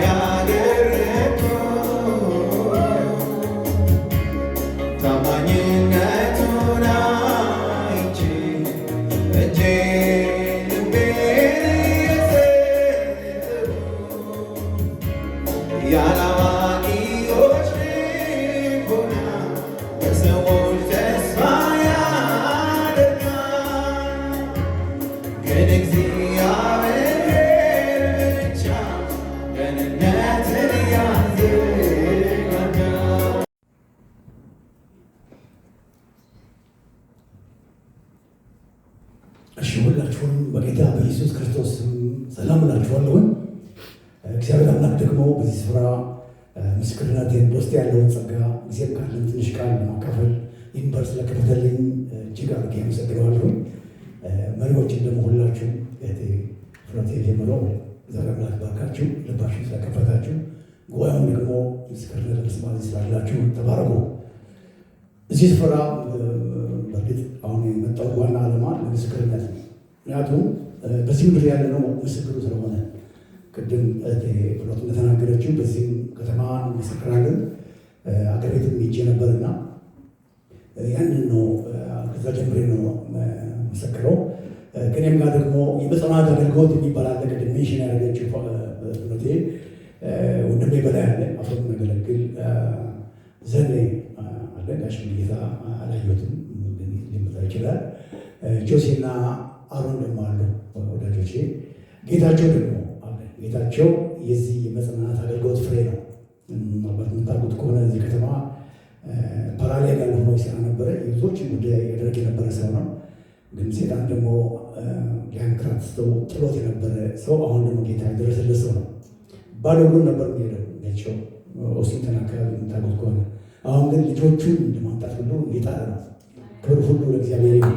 呀。ሁላችሁንም በጌታ በኢየሱስ ክርስቶስ ሰላም እላችኋለሁ። እግዚአብሔር አምላክ ደግሞ በዚህ ስፍራ ምስክርነቴን ውስጥ ያለውን ጸጋ ጊዜም ካለን ትንሽ ቃል ለማካፈል ይንበር ስለከፈተልኝ እጅግ አድርጌ አመሰግነዋለሁ። መሪዎችን ደግሞ ሁላችሁ ፍረት የጀምረው እግዚአብሔር አምላክ ባካችሁ ልባችሁ ስለከፈታችሁ፣ ጉባኤውን ደግሞ ምስክርነት መስማት ስላላችሁ ተባረኩ። እዚህ ስፍራ በእርግጥ አሁን የመጣው ዋና ዓላማ ለምስክርነት ነው። ምክንያቱም በዚህ ምድር ነው ምስክሩ ስለሆነ ቅድም ብሎት እንደተናገረችው በዚህም ከተማ እንመሰክራለን። አገር ቤትም ሄጄ ነበርና ያንን ነው ከዛ ጀምሬ ነው መሰክረው። ከእኔም ጋር ደግሞ የመጽናት አገልግሎት የሚባል አለ። ቅድም ሜንሽን ያደረገችው ብሎቴ ወንድሜ በላይ አለ አቶ የሚያገለግል ዘኔ አለ ጋሽ ጌታ አላየሁትም ሊመጣ ይችላል ጆሴና አሮን ደግሞ አለ ወዳጆቼ። ጌታቸው ደግሞ አለ። ጌታቸው የዚህ የመጽናናት አገልግሎት ፍሬ ነው። ምናልባት የምታውቁት ከሆነ እዚህ ከተማ ፓራላይ ጋር ሆኖ ይሰራ ነበረ። የብዙዎች ጉዳይ ያደረግ የነበረ ሰው ነው። ግን ሴጣን ደግሞ ሊያንክራት ሰው ጥሎት የነበረ ሰው አሁን ደግሞ ጌታ ያደረሰለት ሰው ነው። ባዶ እግሩን ነበር የሚሄደው ቸው ኦሲንተን አካባቢ የምታውቁት ከሆነ አሁን ግን ልጆቹን ለማምጣት ሁሉ እየጣረ ነው። ክብር ሁሉ ለእግዚአብሔር ይሁን።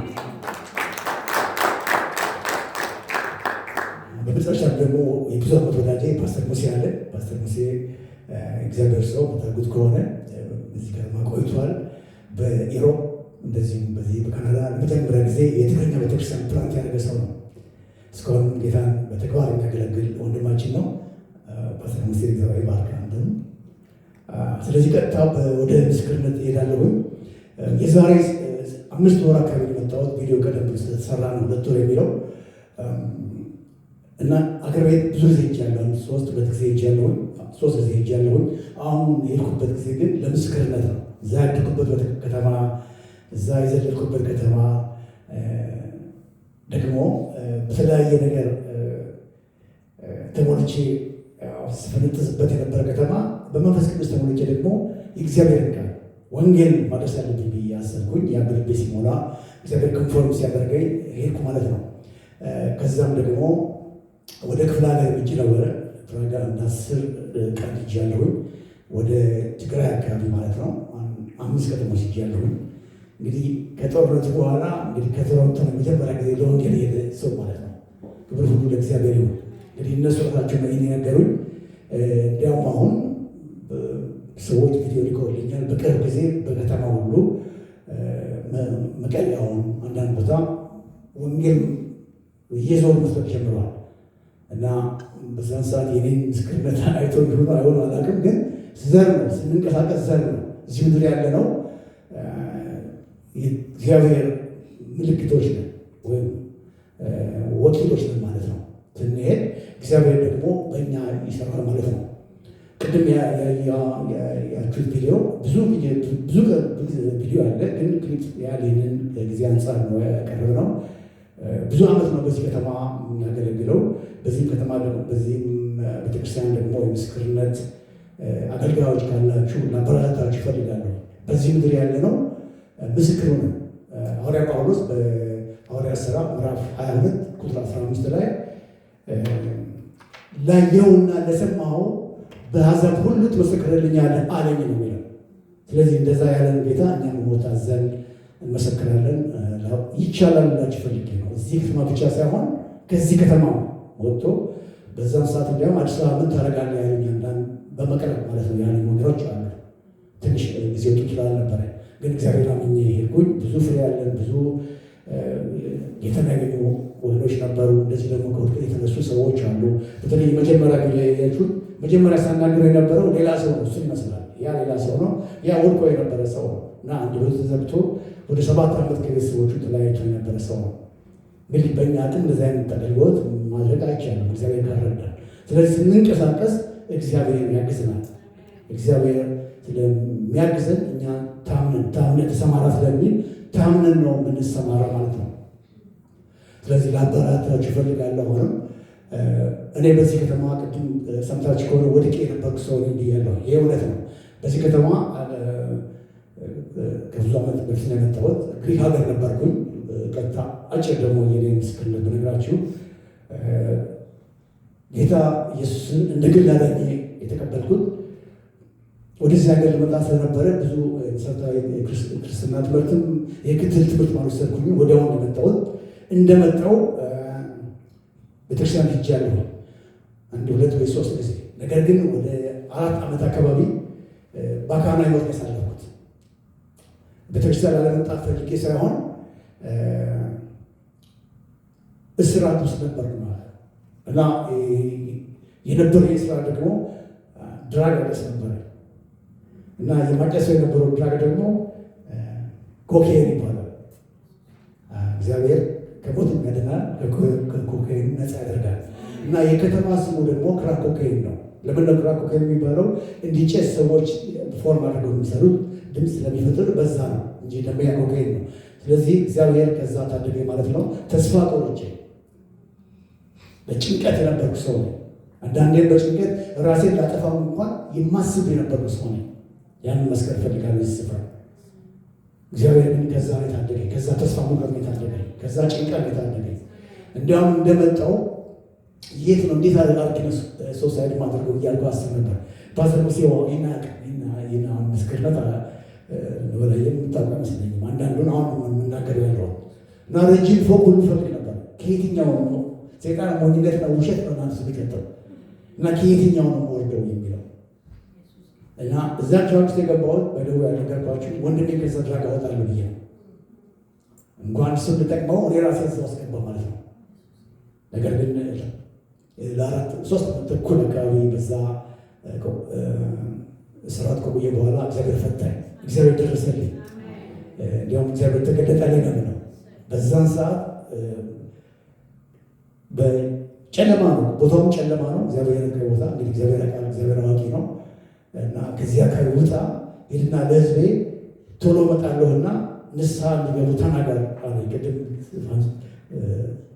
በመጨረሻ ደግሞ የብዙ ዓመት ወዳጄ ፓስተር ሙሴ አለ። ፓስተር ሙሴ እግዚአብሔር ሰው ታጉት ከሆነ እዚህ ከተማ ቆይቷል። በኢሮፕ እንደዚሁም በዚህ በካናዳ ለመጀመሪያ ጊዜ የትግርኛ ቤተክርስቲያን ፕላንት ያደረገ ሰው ነው። እስካሁን ጌታን በተግባር የሚያገለግል ወንድማችን ነው። ፓስተር ሙሴ እግዚአብሔር ባርክ። ስለዚህ ቀጥታ ወደ ምስክርነት እሄዳለሁ። የዛሬ አምስት ወር አካባቢ የመጣሁት ቪዲዮ ቀደም ስለተሰራ ነው ሁለት ወር የሚለው እና አገር ቤት ብዙ ጊዜ ሄጃለሁኝ። ሶስት ሁለት ጊዜ ሄጃለሁኝ። ሶስት ጊዜ ሄጃለሁኝ። አሁን የሄድኩበት ጊዜ ግን ለምስክርነት ነው። እዛ ያደኩበት ከተማ፣ እዛ የዘለልኩበት ከተማ ደግሞ በተለያየ ነገር ተሞልቼ ስፈነጥዝበት የነበረ ከተማ በመንፈስ ቅዱስ ተሞልቼ ደግሞ እግዚአብሔር ቃል ወንጌል ማድረስ አለብኝ ብዬ አሰብኩኝ። ያገልቤ ሲሞላ እግዚአብሔር ክንፎርም ሲያደርገኝ ሄድኩ ማለት ነው። ከዛም ደግሞ ወደ ክፍለ ሀገር ብጭ ነበረ ፍረጋ እና አስር ቀን ሄጃለሁኝ። ወደ ትግራይ አካባቢ ማለት ነው። አምስት ከተሞች ሄጃለሁኝ። እንግዲህ ከጦርነቱ በኋላ እንግዲህ ከተራውተ መጀመሪያ ጊዜ ለወንጌል የሄደ ሰው ማለት ነው። ክብር ሁሉ ለእግዚአብሔር ይሁን። እንግዲህ እነሱ ራሳቸው ነው የነገሩኝ። እንዲያውም አሁን ሰዎች ቪዲዮ ልከውልኛል። በቅርብ ጊዜ በከተማ ሁሉ መቀሌ፣ አሁን አንዳንድ ቦታ ወንጌል እየዞሩ መስበክ ጀምረዋል። እና በዛን ሰዓት የኔን ምስክርነት አይቶ ይሁን አይሆን አላውቅም፣ ግን ዘር ነው ስንንቀሳቀስ ዘር ነው እዚህ ምድር ያለ ነው እግዚአብሔር ምልክቶች ነን ወይም ወኪሎች ነን ማለት ነው። ስንሄድ እግዚአብሔር ደግሞ በእኛ ይሰራል ማለት ነው። ቅድም ያችሁት ቪዲዮ ብዙ ቪዲዮ አለ፣ ግን ክሊፕ ያህል ይህንን ጊዜ አንጻር ነው ያቀረብ ነው ብዙ ዓመት ነው በዚህ ከተማ የምናገለግለው። በዚህም ከተማ በዚህም ቤተክርስቲያን ደግሞ የምስክርነት አገልጋዮች ካላችሁ ላበረታታችሁ ይፈልጋለሁ። በዚህ ምድር ያለ ነው ምስክር ነው። ሐዋርያ ጳውሎስ በሐዋርያት ሥራ ምዕራፍ 22 ቁጥር 15 ላይ ላየውና ለሰማው በአሕዛብ ሁሉ ትመሰክርልኛለህ አለኝ ነው የሚለው። ስለዚህ እንደዛ ያለን ጌታ እኛም ሞት አዘል እንመሰክራለን። ይቻላል ላችሁ ፈልጌ ነው። እዚህ ከተማ ብቻ ሳይሆን ከዚህ ከተማ ወጥቶ በዛም ሰዓት እንዲያውም አዲስ አበባ ምን ታደርጋለህ ያለኝ አንዳንድ በመቅረብ ማለት ነው ያለ ወገኖች አሉ። ትንሽ ጊዜ ጡ ጡችላ ነበረ፣ ግን እግዚአብሔር አምኜ ሄድኩኝ። ብዙ ፍሬ ያለን ብዙ የተለያዩ ወገኖች ነበሩ። እንደዚህ ደግሞ ከውድቅ የተነሱ ሰዎች አሉ። በተለይ መጀመሪያ ጊዜ ያችሁት መጀመሪያ ሳናገር የነበረው ሌላ ሰው ነው። እሱ ይመስላል ያ ሌላ ሰው ነው። ያ ወድቆ የነበረ ሰው ነው እና አንድ ብር ተዘግቶ ወደ ሰባት ዓመት ከቤተሰቦቹ ተለያይቶ የነበረ ሰው ነው። እንግዲህ በእኛ ግን እንደዚህ አይነት አገልግሎት ማድረግ አይቻልም፣ እግዚአብሔር ካልረዳን። ስለዚህ ስንንቀሳቀስ እግዚአብሔር ያግዝናል። እግዚአብሔር ስለሚያግዘን እኛ ታምነን ታምነ ተሰማራ ስለሚል ታምነን ነው የምንሰማራ ማለት ነው። ስለዚህ ለአበራታችሁ እፈልጋለሁ። ሆነም እኔ በዚህ ከተማ ቅድም ሰምታችሁ ከሆነ ወድቄ የነበርኩ ሰው ብያለሁ። ይህ እውነት ነው። በዚህ ከተማ ከብዙ ዓመት በፊት ነው የመጣሁት ግሪክ ሀገር ነበርኩኝ። ቀጥታ አጭር ደግሞ የኔ ምስክርነት ብነግራችሁ ጌታ ኢየሱስን እንደ ግል አዳኜ የተቀበልኩት ወደዚህ ሀገር ልመጣ ስለነበረ ብዙ መሰረታዊ ክርስትና ትምህርትም የክትል ትምህርት ማልወሰድኩኝ። ወዲያውኑ የመጣሁት እንደመጣው ቤተክርስቲያን ሄጃለሁ አንድ ሁለት ወይ ሶስት ጊዜ። ነገር ግን ወደ አራት ዓመት አካባቢ በካህና ሕይወት ያሳለፍኩት ቤተክርስቲያን ላለመምጣት ፈልጌ ሳይሆን እስራት ውስጥ ነበር እና የነበረ የስራ ደግሞ ድራግ አደስ ነበረ እና የማጨሰው የነበረው ድራግ ደግሞ ኮኬን ይባላል። እግዚአብሔር ከሞት የሚያድናል፣ ከኮኬን ነፃ ያደርጋል። እና የከተማ ስሙ ደግሞ ክራክ ኮኬን ነው። ለምን ነው ክራክ ኮኬን የሚባለው? እንዲጨስ ሰዎች ፎርም አድርገው የሚሰሩት ድምፅ ስለሚፈጥር በዛ ነው እንጂ ደንበኛ ኮካይን ነው። ስለዚህ እግዚአብሔር ከዛ ታደገኝ ማለት ነው። ተስፋ ቆርጬ በጭንቀት የነበርኩ ሰው ነኝ። አንዳንዴ በጭንቀት ራሴን ላጠፋው እንኳን የማስብ የነበርኩ ሰው ነኝ። ያን መስቀል ፈልጋለሁ ስፍራ እግዚአብሔር ግን ከዛ ነው የታደገኝ። ከዛ ተስፋ መቁረጥ ነው የታደገኝ። ከዛ ጭንቀት ነው የታደገኝ። እንዲያውም እንደመጣው የት ነው እንዴት አድርጌ ሶሳይድ ማድረገው እያልኩ አስብ ነበር። ፓስተር ሙሴ ይናቅ ይና ምስክርነት በላይ የምታውቅ አይመስለኝም። አንዳንዱን አሁን የምናገር ያለው እና ረጅም ፎቅ ሁሉ ፈቅ ነበር። ከየትኛው ነው ሴጣን ሞኝነት ነው ውሸት ነው ናንስ ቢቀጥል እና ከየትኛው ነው ወርደው የሚለው እና እዛ ቻውስ የገባሁት በደቡብ ያደረጋችሁ ወንድሜ ከሰራ ጋወጣለሁ ብዬ ነው። እንኳን እሱ ብጠቅመው እኔ ራሴ ሰው አስገባ ማለት ነው። ነገር ግን ለአራት ሶስት ተኩል አካባቢ በዛ እስራት ከቆየ በኋላ እግዚአብሔር ፈታኝ እግዚአብሔር ደረሰልኝ። እንዲሁም እግዚአብሔር ተገለጠልኝ ነው ነው በዛን ሰዓት በጨለማ ነው፣ ቦታውም ጨለማ ነው። እግዚአብሔር ያነካ ቦታ እንግዲህ እግዚአብሔር ያውቃል፣ እግዚአብሔር አዋቂ ነው እና ከዚህ አካባቢ ውጣ ሂድና ለህዝቤ ቶሎ እና ንስሐ እንዲገቡ ተናገር አለ። ቅድም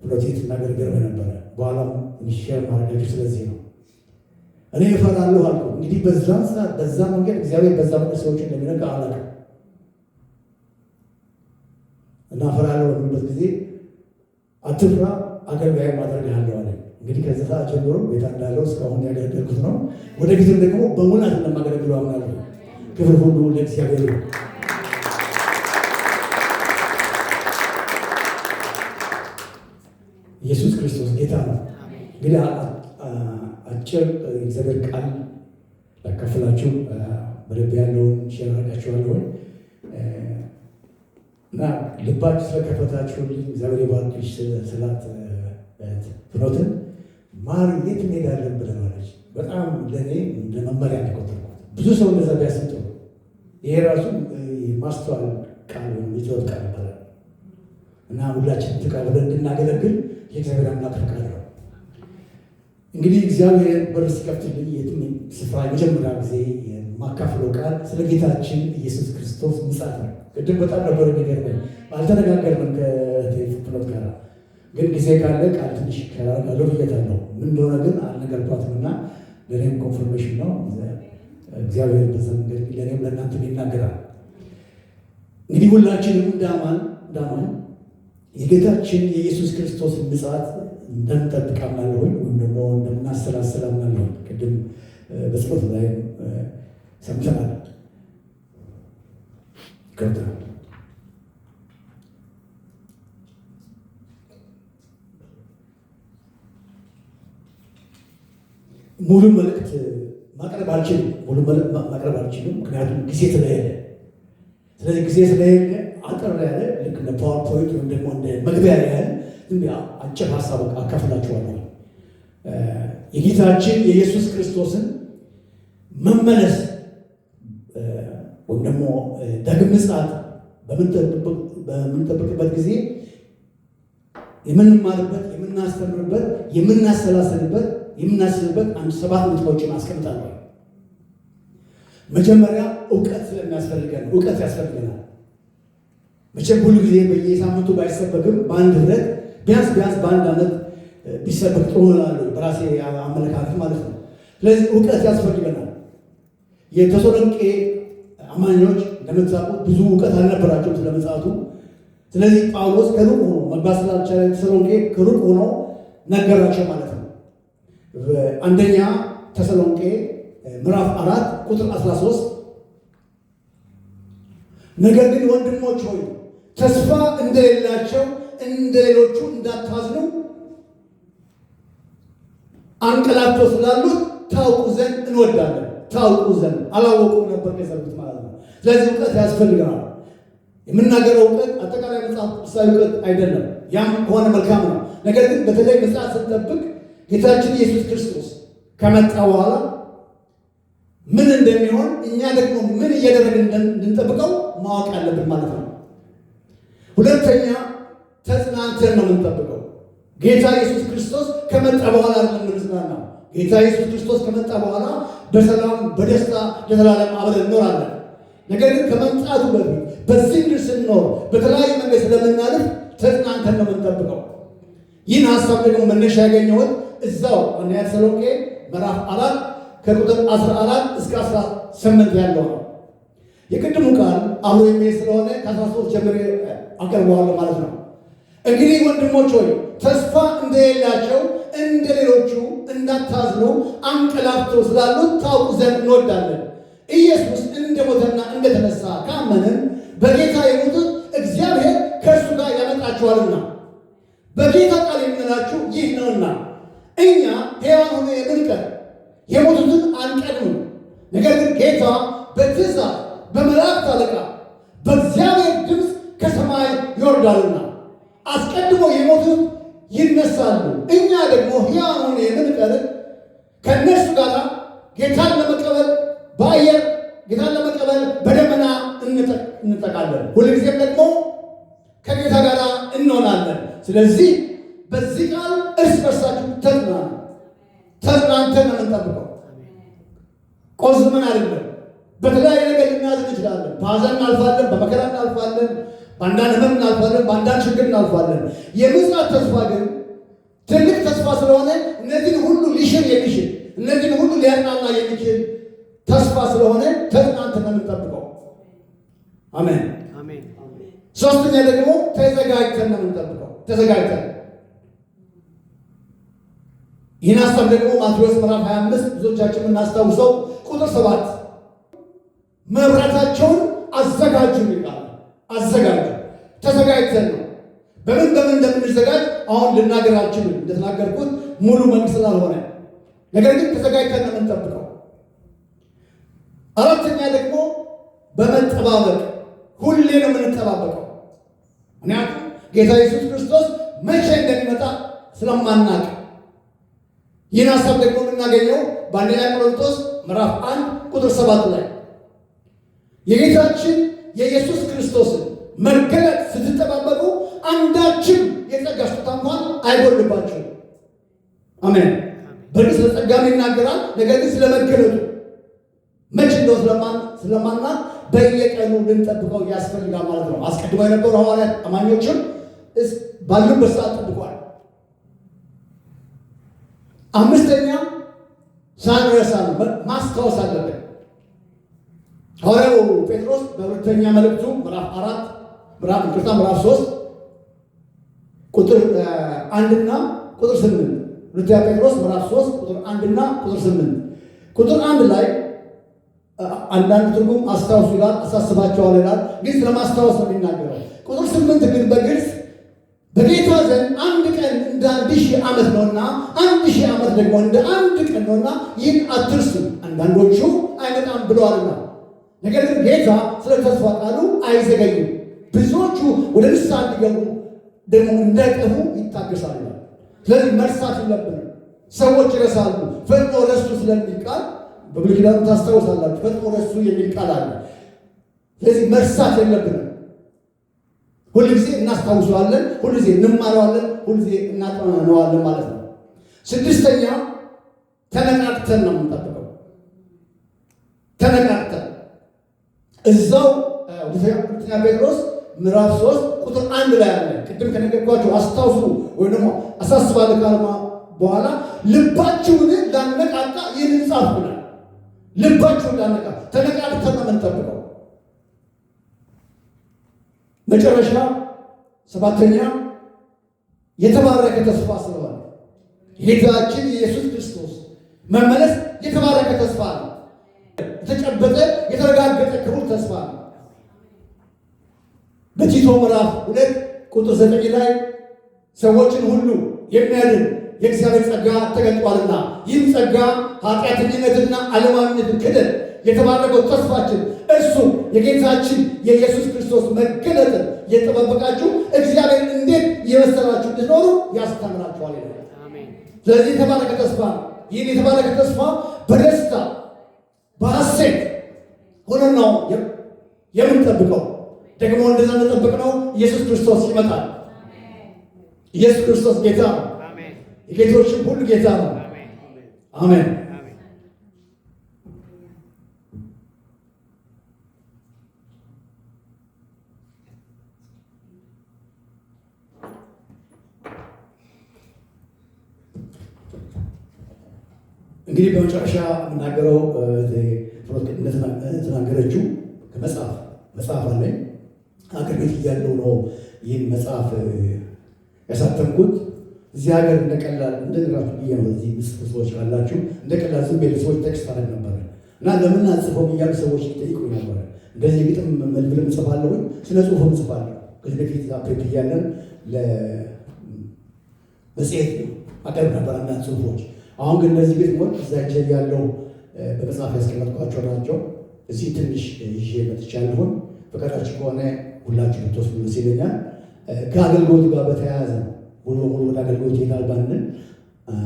ፕሮቴት እናገርገር ነበረ በኋላም ሚሸር ማድረጋቸው ስለዚህ ነው እኔ እፈራለሁ አልኩ። እንግዲህ በዛ ሰዓት በዛ መንገድ እግዚአብሔር በዛ መንገድ ሰዎች እንደሚነካ አላውቅም እና እፈራለሁ በሚበት ጊዜ አትፍራ አገልጋይ ማድረግሃለሁ አለ። እንግዲህ ከዚ ሰዓት ጀምሮ ቤታ እንዳለው እስካሁን ያገለገልኩት ነው። ወደፊትም ደግሞ በሙላት እንደማገለግለው አምናለሁ። ክብር ሁሉ ለእግዚአብሔር ነው። ኢየሱስ ክርስቶስ ጌታ ነው። እንግዲህ አጭር እግዚአብሔር ቃል ላካፍላችሁ በደብ ያለውን ሼር እና ልባችሁ ስለከፈታችሁልኝ እግዚአብሔር የባርክሽ ስላት ፍኖትን ማር የት እንሄዳለን ብለናለች። በጣም ለእኔ እንደ መመሪያ ቆጠርኩት። ብዙ ሰው እንደዛ ቢያስጡ ይሄ ራሱ ማስተዋል ቃል ወይም የጥበብ ቃል ይባላል እና ሁላችን ትቃ ብለን እንድናገለግል የእግዚአብሔር አምላክ ፈቃድ ነው። እንግዲህ እግዚአብሔር በር ሲከፍትልኝ የትን ስፍራ የመጀመሪያ ጊዜ የማካፍለው ቃል ስለ ጌታችን ኢየሱስ ክርስቶስ ምጻት ነው። ቅድም በጣም ነበር የሚገርመኝ አልተነጋገርንም ከቴፍክሎት ጋር ግን ጊዜ ካለ ቃል ትንሽ ከላለው ብያታለሁ። ምን እንደሆነ ግን አልነገርኳትም እና ለእኔም ኮንፈርሜሽን ነው። እግዚአብሔር በዛ መንገድ ለእኔም ለእናንተ ይናገራል። እንግዲህ ሁላችንም እንዳማን እንዳማን የጌታችን የኢየሱስ ክርስቶስ ምጽአት እንደምጠብቅ አምናለሁኝ ወይም ደግሞ እንደምናሰላስል ቅድም በጽሎት ላይ ሰምተናል። ይከብታ ሙሉ መልእክት ማቅረብ አልችልም። ሙሉ መልእክት ማቅረብ አልችልም፣ ምክንያቱም ጊዜ ስለሌለ። ስለዚህ ጊዜ ስለሌለ አጠር ያለ እንደ ፓወርፖይንት ወይም ደግሞ እንደ መግቢያ ያህል ዝም አጭር ሀሳብ አካፍላችኋለሁ። የጌታችን የኢየሱስ ክርስቶስን መመለስ ወይም ደግሞ ዳግም ምጽአት በምንጠብቅበት ጊዜ የምንማርበት፣ የምናስተምርበት፣ የምናሰላሰልበት፣ የምናስብበት አንድ ሰባት ነጥቦችን አስቀምጣለሁ። መጀመሪያ እውቀት ስለሚያስፈልገን እውቀት ያስፈልገናል። መቼም ሁሉ ጊዜ በየሳምንቱ ባይሰበክም በአንድ ህብረት ቢያንስ ቢያንስ በአንድ ዓመት ቢሰበክ ጥሩ ሆናሉ በራሴ አመለካከት ማለት ነው። ስለዚህ እውቀት ያስፈልገናል። የተሰሎንቄ አማኞች እንደምታውቁት ብዙ እውቀት አልነበራቸውም ስለ መጽሐቱ። ስለዚህ ጳውሎስ ከሩቅ ሆኖ መግባት ስላልቻለ ተሰሎንቄ ከሩቅ ሆኖ ነገራቸው ማለት ነው። አንደኛ ተሰሎንቄ ምዕራፍ አራት ቁጥር 13 ነገር ግን ወንድሞች ሆይ ተስፋ እንደሌላቸው እንደ ሌሎቹ እንዳታዝኑ አንቀላፍቶ ስላሉት ታውቁ ዘንድ እንወዳለን። ታውቁ ዘንድ አላወቁም ነበር የሰሩት ማለት ነው። ስለዚህ እውቀት ያስፈልገናል። የምናገረው እውቀት አጠቃላይ መጽሐፍ ቅዱሳዊ እውቀት አይደለም። ያም ከሆነ መልካም ነው። ነገር ግን በተለይ መጽሐፍ ስንጠብቅ ጌታችን ኢየሱስ ክርስቶስ ከመጣ በኋላ ምን እንደሚሆን እኛ ደግሞ ምን እያደረግን እንድንጠብቀው ማወቅ አለብን ማለት ነው። ሁለተኛ ተጽናንተን ነው የምንጠብቀው። ጌታ ኢየሱስ ክርስቶስ ከመጣ በኋላ የምንጽናናው ጌታ ኢየሱስ ክርስቶስ ከመጣ በኋላ በሰላም በደስታ ለዘላለም አብረን እንኖራለን። ነገር ግን ከመምጣቱ በፊት በዚህ ምድር ስንኖር በተለያዩ መንገድ ስለምናልፍ ተጽናንተን ነው የምንጠብቀው። ይህን ሀሳብ ደግሞ መነሻ ያገኘሁት እዛው አንደኛ ተሰሎንቄ ምዕራፍ አራት ከቁጥር 14 እስከ 18 ያለው ነው። የቅድሙ ቃል አብሮ የሚሄድ ስለሆነ ከ13 ጀምሬ አቀርበዋለሁ ማለት ነው። እንግዲህ ወንድሞች ሆይ ተስፋ እንደሌላቸው እንደ ሌሎቹ እንዳታዝኑ አንቀላፍተው ስላሉት ታውቁ ዘንድ እንወዳለን። ኢየሱስ እንደሞተና እንደተነሳ ካመንን በጌታ የሞቱት እግዚአብሔር ከእርሱ ጋር ያመጣችኋልና በጌታ ቃል የምንላችሁ ይህ ነውና እኛ ሕያዋን ሆነ የምንቀር የሞቱትን አንቀድምም። ነገር ግን ጌታ በትእዛዝ በመላእክት አለቃ በእግዚአብሔር ድምፅ ከሰማይ ይወርዳልና አስቀድሞ የሞቱት ይነሳሉ። እኛ ደግሞ ሕያውን የምንቀር ከእነርሱ ጋር ጌታን ለመቀበል በአየር ጌታን ለመቀበል በደመና እንጠቃለን። ሁልጊዜም ደግሞ ከጌታ ጋር እንሆናለን። ስለዚህ በዚህ ቃል እርስ በርሳችሁ ተጽናኑ። ተዝናንተን ነው የምንጠብቀው። ቆዝመን አይደለም። በተለያየ ነገር ልናዝን እንችላለን። በሀዘን እናልፋለን፣ በመከራ እናልፋለን። በአንዳንድ ህመም እናልፋለን፣ በአንዳንድ ችግር እናልፋለን። የምጽአት ተስፋ ግን ትልቅ ተስፋ ስለሆነ እነዚህን ሁሉ ሊሽር የሚችል እነዚህን ሁሉ ሊያናና የሚችል ተስፋ ስለሆነ ከእናንተ ነው የምንጠብቀው። አሜን። ሶስተኛ ደግሞ ተዘጋጅተን ነው የምንጠብቀው። ተዘጋጅተን ይህን ሀሳብ ደግሞ ማቴዎስ ምዕራፍ 25 ብዙዎቻችን የምናስታውሰው ቁጥር ሰባት መብራታቸውን አዘጋጁ ይላል። አዘጋጁ ተዘጋጅተን ነው። በምን በምን እንደምንዘጋጅ አሁን ልናገር አልችልም፣ እንደተናገርኩት ሙሉ መንግስት ስላልሆነ፣ ነገር ግን ተዘጋጅተን ነው የምንጠብቀው። አራተኛ ደግሞ በመጠባበቅ ሁሌ ነው የምንጠባበቀው። ምክንያቱም ጌታ ኢየሱስ ክርስቶስ መቼ እንደሚመጣ ስለማናውቅ ይህን ሀሳብ ደግሞ የምናገኘው በአንደኛ ቆሮንቶስ ምዕራፍ አንድ ቁጥር ሰባት ላይ የጌታችን የኢየሱስ ክርስቶስን መገለጥ አንዳችን የጸጋ ስጦታ እንኳን አይጎልባቸው አሜን። በእርግጥ ስለ ጸጋም ይናገራል። ነገር ግን ስለመገለጡ መች እንደው ስለማና በየቀኑ ልንጠብቀው ያስፈልጋል ማለት ነው። አስቀድሞ የነበሩ ሐዋርያት አማኞችም ባሉበት ሰዓት ጠብቋል። አምስተኛ ሳንረሳ ማስታወስ አለብን። ሐዋርያው ጴጥሮስ በሁለተኛ መልእክቱ ምዕራፍ አራት ምዕራፍ ቅርታ ምዕራፍ ሶስት ቁጥር አንድና ቁጥር ስምንት ሁለተኛ ጴጥሮስ ምዕራፍ ሶስት ቁጥር አንድና ቁጥር ስምንት ቁጥር አንድ ላይ አንዳንድ ትርጉም አስታውሱ ይላል፣ አሳስባቸዋል ይላል። ግን ስለማስታወስ ነው የሚናገረው። ቁጥር ስምንት ግን በግልጽ በጌታ ዘንድ አንድ ቀን እንደ አንድ ሺህ ዓመት ነውና አንድ ሺህ ዓመት ደግሞ እንደ አንድ ቀን ነውና ይህን አትርሱ። አንዳንዶቹ አይመጣም ብለዋልና፣ ነገር ግን ጌታ ስለ ተስፋ ቃሉ አይዘገዩም፣ ብዙዎቹ ወደ ንስሐ እንዲገቡ ደግሞ እንዳይጠፉ ይታገሳሉ። ስለዚህ መርሳት የለብንም። ሰዎች ይረሳሉ። ፈጥኖ ረሱ ስለሚል ቃል በብሉይ ኪዳኑ ታስታውሳላችሁ። ፈጥኖ ረሱ የሚል ቃል አለ። ስለዚህ መርሳት የለብንም። ሁልጊዜ እናስታውሰዋለን፣ ሁልጊዜ እንማረዋለን፣ ሁልጊዜ እናጠናነዋለን ማለት ነው። ስድስተኛ ተነቃቅተን ነው የምንጠብቀው። ተነቃቅተን እዛው ሁለተኛ ጴጥሮስ ምዕራፍ 3 ቁጥር 1 ላይ አለ። ቅድም ከነገርኳችሁ አስታውሱ ወይ ደግሞ አሳስባለሁ ካልማ በኋላ ልባችሁን ላነቃቃ ይህን ጻፍ ብሏል። ልባችሁን ላነቃ ተነቃቅተን ነው የምንጠብቀው። መጨረሻ ሰባተኛ የተባረከ ተስፋ ስለሆነ ጌታችን ኢየሱስ ክርስቶስ መመለስ የተባረከ ተስፋ ነው። የተጨበጠ የተረጋገጠ ክቡር ተስፋ ነው። በቲቶ ምዕራፍ ሁለት ቁጥር ዘጠኝ ላይ ሰዎችን ሁሉ የሚያድን የእግዚአብሔር ጸጋ ተገልጧልና ይህም ጸጋ ኃጢአተኝነትና አለማዊነትን ክደን የተባረከው ተስፋችን እርሱ የጌታችን የኢየሱስ ክርስቶስ መገለጥን እየተጠባበቃችሁ እግዚአብሔር እንዴት እየመሰላችሁ እንድትኖሩ ያስተምራችኋል ይላል። ስለዚህ የተባረከ ተስፋ ይህን የተባረከ ተስፋ በደስታ በሐሴት ሆነን ነው የምንጠብቀው። ደግሞ እንደዛ እንደጠበቅ ነው ኢየሱስ ክርስቶስ ይመጣል። ኢየሱስ ክርስቶስ ጌታ ነው። የጌቶችም ሁሉ ጌታ ነው። አሜን። እንግዲህ በመጨረሻ የምናገረው እንደተናገረችው ከመጽሐፍ መጽሐፍ አለኝ አገር ቤት እያለው ነው ይህን መጽሐፍ ያሳተምኩት። እዚህ ሀገር እንደቀላል እንደ ራሱ ብዬ ነው። እዚህ ምስክ ሰዎች ካላችሁ እንደቀላል ዝም ብዬ ሰዎች ቴክስት አደረግ ነበረ እና ለምን አጽፈው እያሉ ሰዎች ይጠይቁ ነበረ። እንደዚህ ግጥም መድብልም ጽፋለሁኝ፣ ስለ ጽሁፍም ጽፋለሁ። ከዚህ በፊት አፕሬት እያለን ለመጽሔት ነው አቀርብ ነበር አንዳንድ ጽሁፎች። አሁን ግን እነዚህ ግጥሞች እዛቸ ያለው በመጽሐፍ ያስቀመጥኳቸው ናቸው። እዚህ ትንሽ ይዤ መጥቻለሁኝ። ፈቃዳችሁ ከሆነ ሁላችሁ ብትወስዱ ደስ ይለኛል። ከአገልግሎት ጋር በተያያዘ ሙሉ በሙሉ ወደ አገልግሎት ይሄዳል ባንን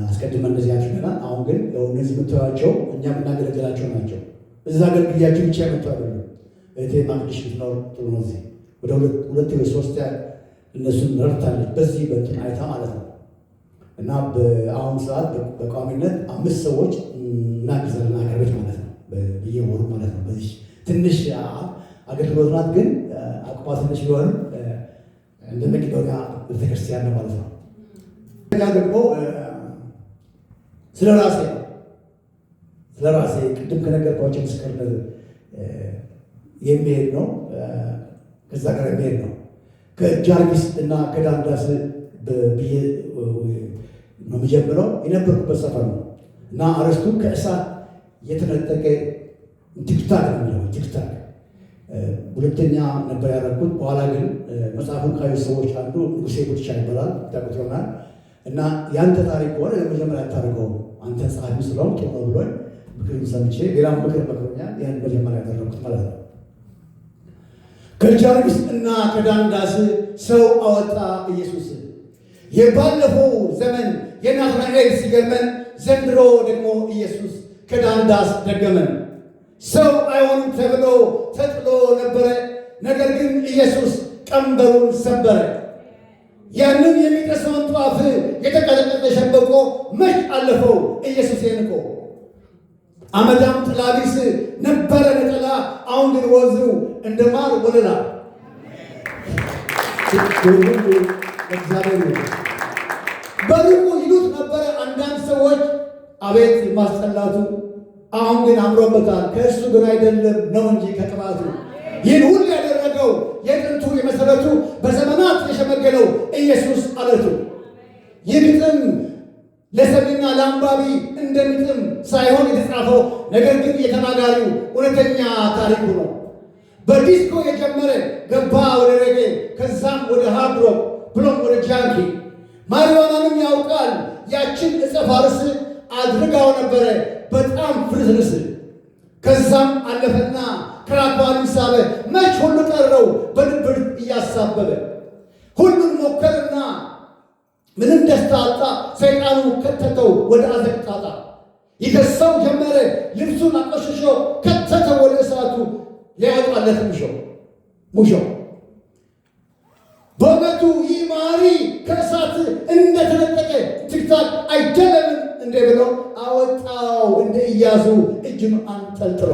አስቀድመን እንደዚህ አድርገናል። አሁን ግን እነዚህ የምታዩቸው እኛ የምናገለግላቸው ናቸው። እዛ አገልግያቸው ብቻ መጥቶ አይደለም እቴ ማቅዲሽ ልትኖር ጥሩ ነው። እዚህ ወደ ሁለት ወይ ሶስት ያህል እነሱን ረድታለች በዚህ በእንትን አይታ ማለት ነው። እና በአሁኑ ሰዓት በቋሚነት አምስት ሰዎች እናግዛለን አገር ቤት ማለት ነው፣ በየወሩ ማለት ነው። በዚህ ትንሽ አገልግሎት ናት። ግን አቅሟ ትንሽ ቢሆንም እንደ መቄዶንያ ቤተክርስቲያን ነው ማለት ነው። እና ደግሞ ስለ ራሴ ስለ ራሴ ቅድም ከነገርኳቸው ምስክርነት የሚሄድ ነው። ከዛ ጋር የሚሄድ ነው። ከጃርቪስ እና ከዳንዳስ ብዬ ነው የሚጀምረው። የነበርኩበት ሰፈር ነው እና አረስቱ ከእሳት የተነጠቀ ቲክታክ ነው የሚለው ቲክታክ ሁለተኛ ነበር ያደረኩት። በኋላ ግን መጽሐፉን ካዩ ሰዎች አንዱ ንጉሴ ጉትቻ ይባላል ታቁት እና ያንተ ታሪክ ከሆነ ለመጀመሪያ ያታደርገው አንተ ጸሐፊ ስለሆን ጥሩ ብሎኝ ምክር ሰምቼ ሌላም ምክር መክሮኛ ያን መጀመሪያ ያደረኩት ማለት ነው። ከጃርቪስ እና ከዳንዳስ ሰው አወጣ ኢየሱስ። የባለፈው ዘመን የናትናኤል ሲገርመን፣ ዘንድሮ ደግሞ ኢየሱስ ከዳንዳስ ደገመን። ሰው አይሆንም ተብሎ ተጥሎ ነበረ። ነገር ግን ኢየሱስ ቀንበሩን ሰበረ። ያንን የሚጠሰውን ጧፍ የተቀጠቀጠ ሸበቆ መች አለፈው ኢየሱስ የንቆ አመዳም ጥላ ቢስ ነበረ ነጠላ፣ አሁን ግን ወዝሩ እንደ ማር ወለላ። እግዚአብሔር በሩቁ ይሉት ነበረ አንዳንድ ሰዎች አቤት ማስጠላቱ አሁን ግን አምሮበታል። ከእሱ ግን አይደለም ነው እንጂ ከቅባቱ ይህን ሁሉ ያደረገው የጥንቱ የመሰረቱ በዘመናት የሸመገለው ኢየሱስ አለቱ ይህ ግጥም ለሰሚና ለአንባቢ እንደ ግጥም ሳይሆን የተጻፈው ነገር ግን የተናጋሪው እውነተኛ ታሪኩ ነው። በዲስኮ የጀመረ ገባ ወደ ሬጌ፣ ከዛም ወደ ሃርድ ብሎም ወደ ጃንኪ። ማሪዋናንም ያውቃል ያችን እጸፋርስ አድርጋው ነበረ በጣም ፍርስርስ ከዛም አለፈና ክራቷን ሳበ። መች ሁሉ ቀረው በድብር እያሳበበ ሁሉን ሞከርና ምንም ደስታ አጣ። ሰይጣኑ ከተተው ወደ አዘቅጣጣ ይደሰው ጀመረ። ልብሱን አቆሽሾ ከተተው ወደ እሳቱ ሊያወጣለት ሙሾ ሙሾ በእውነቱ ይህ ማሪ ከእሳት እንደተነጠቀ ትክታት አይደለምን? እንደ ብሎ አወጣው እንደ እያዙ እጅም አንጠልጥሎ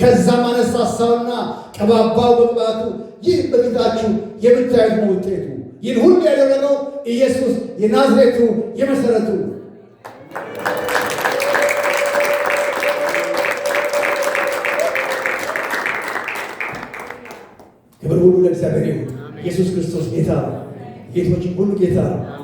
ከዛም አነሳሳውና ቀባባው በቅባቱ። ይህ በፊታችሁ የምታዩት ነው ውጤቱ። ይህን ሁሉ ያደረገው ኢየሱስ የናዝሬቱ የመሰረቱ ክብር ሁሉ ለእግዚአብሔር ይሁን። ኢየሱስ ክርስቶስ ጌታ ጌቶችን ሁሉ ጌታ ነው።